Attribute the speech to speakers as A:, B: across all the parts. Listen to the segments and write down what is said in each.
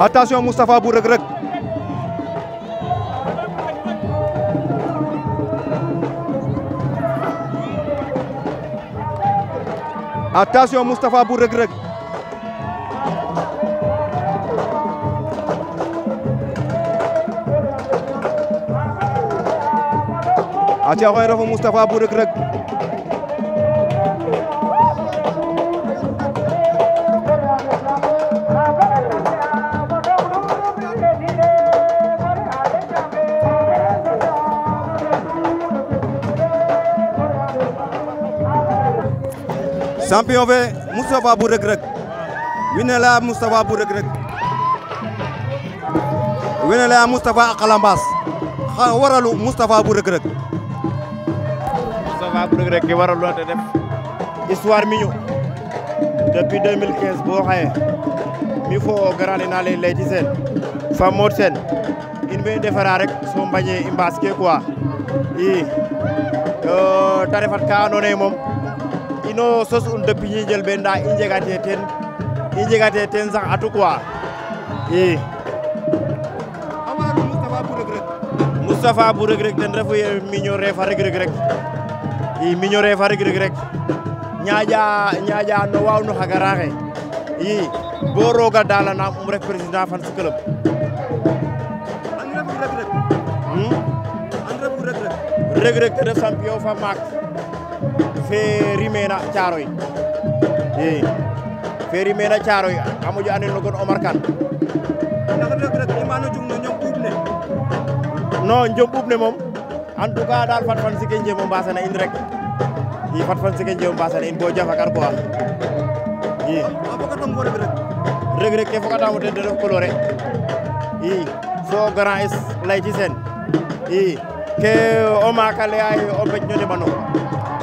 A: Attention Mustafa bu Reug Mustafa attention Moustapha bu Reug Reug aca champion fe Moustapha bu Reug Reug wine leya bu Reug Reug wine leya Moustapha xa waralu Moustapha bu Reug Reug bu Reug ke waralu te def histoire mi ñu depuis 2015 mi fo o gara ley Leyti fa Modou Sène in way rek so mbañe i mbaas ke euh, ta refat ka andoona yee no sos'un depuis ñiijel ɓe nda i njegate teen i njegate teen sax atu quoi i Moustapha bu Reug Reug ten refu ye miño refa Reug Reug rek i miño refa Reug Reug rek ñaaƴa ñaaƴa no waawno xa garaxe i bo rooga dalanaam um ref président fan si club Reug Reug ten hmm? ref champion fa maak feeri meena Caaroy i feeri meena Caaroy a moƴo andel no gon Omar Kane ndax ne non njom ɓuuɓ ne moom en tout cas daal fat fan sike njemo mbasana in rek i fat fan sike njemo mbasana in bo jafakar quoi i a fokatam fo Reug Reug Reug Reug ke fokatamo ten ten ref coloré i fo grand es layti sen i ke o maak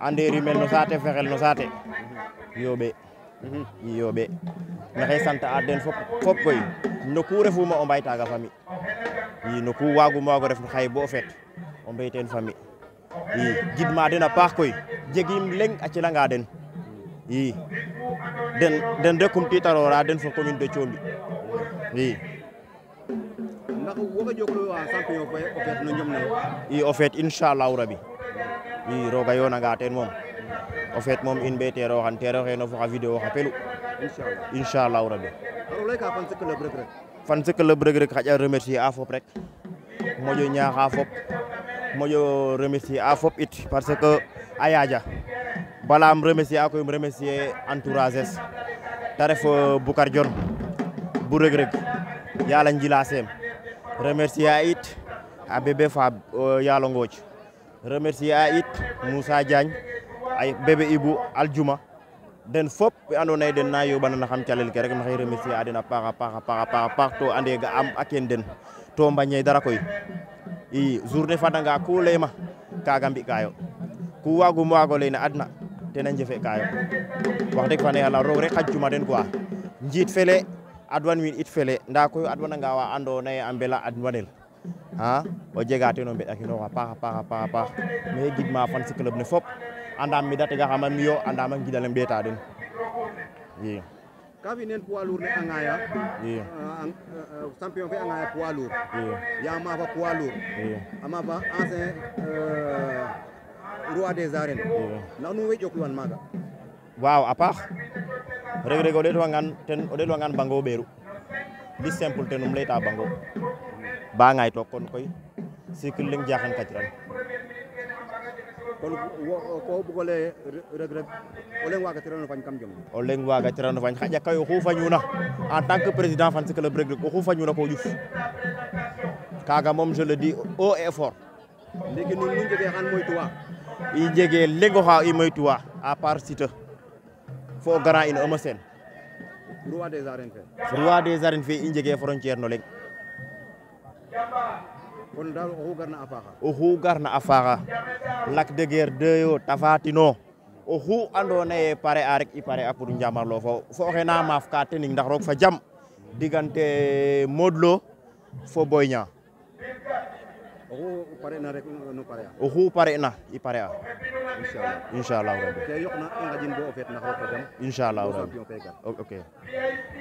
A: ande rimel no saate fexel no saate yooɓee i yooɓee a den fop fop koy no ku refuma o mbay fami i no ku waagum waag ref xaye bo o feet o mbay fami i gidma den a paax koy jegiim leŋ a celanga den i den den rekum tiitarora den fo commune de Thiomby i o feet no njom i roga yoonanga teen moom mom feet moom in mbe han xan teero xé no fa vidéo xa pelu lay ka fan ce club rek rek xaƴa remercier a fop rek moƴo ñaaxa fop moƴo remercier a fop it parce que ayaja bala am remercier akoy remercier entourage ta ref Boucar Dione bu rek Reug yala njila sem remercier a it a bébé Fab yalla ngooj remercier a it Moussa Diagne ay bébé Ibou aljuma den fop we andoona yee den na yooɓanan xam calel ke rek maxey remercier a den a paax a to ande ga'aam a keen den to mbañee dara koy i journée fadanga ku layma kaaga mbi'kaayo ku waagum waag o lay adna ten a njefe'kaayo wax deg fa ne yàlla roog rek xajcuma fele adwan wiin it fele ndaa koy o adwananga wa andoona yee a mbela adwanel Hah? o jega teen o mbeɗa apa apa apa apa paax me gidma fan si club ne fop andam mi da tega xama miyo andam a ngidale mbeta den i ka fi neen poids lourd ne a ŋaya i champion fe a ŋaya poids lourd i ya mafa poids lourd a mafa ancien roi des arènes ndax nu we ƴokluwan maaga waaw a paax reg reg o ten o ɗeetwangan bango ɓeeru li simple ten bango ba ngaay toog kon koy cycle leng jaxan katiran kon ko bugole reg reg o leng waga tirano fañ kam jom o leng waga tirano fañ xaƴa kay oxu fañuna en tant que président fan cycle reg reg fañuna ko ƴuf kaga moom je le dis haut et ndiki nun nu njege xan moytuwa i jege leng oxa i moytuwa à part site fo o grand in Eumeu Sène roi des arènes fe roi des arènes fe i njege frontière no leng kon daal garna a faaxa oxu garna a faaxa Lac de Guiers 2 o oxu andoona yee pare a rek i pare a pour njamarloof fo fo oxe na maaf ka tening ndax roog fa jam digante Modou fo Boy Niang oxu pare pare na i pare a inchaallah rabbi ke yoqna i nqaƴin bo o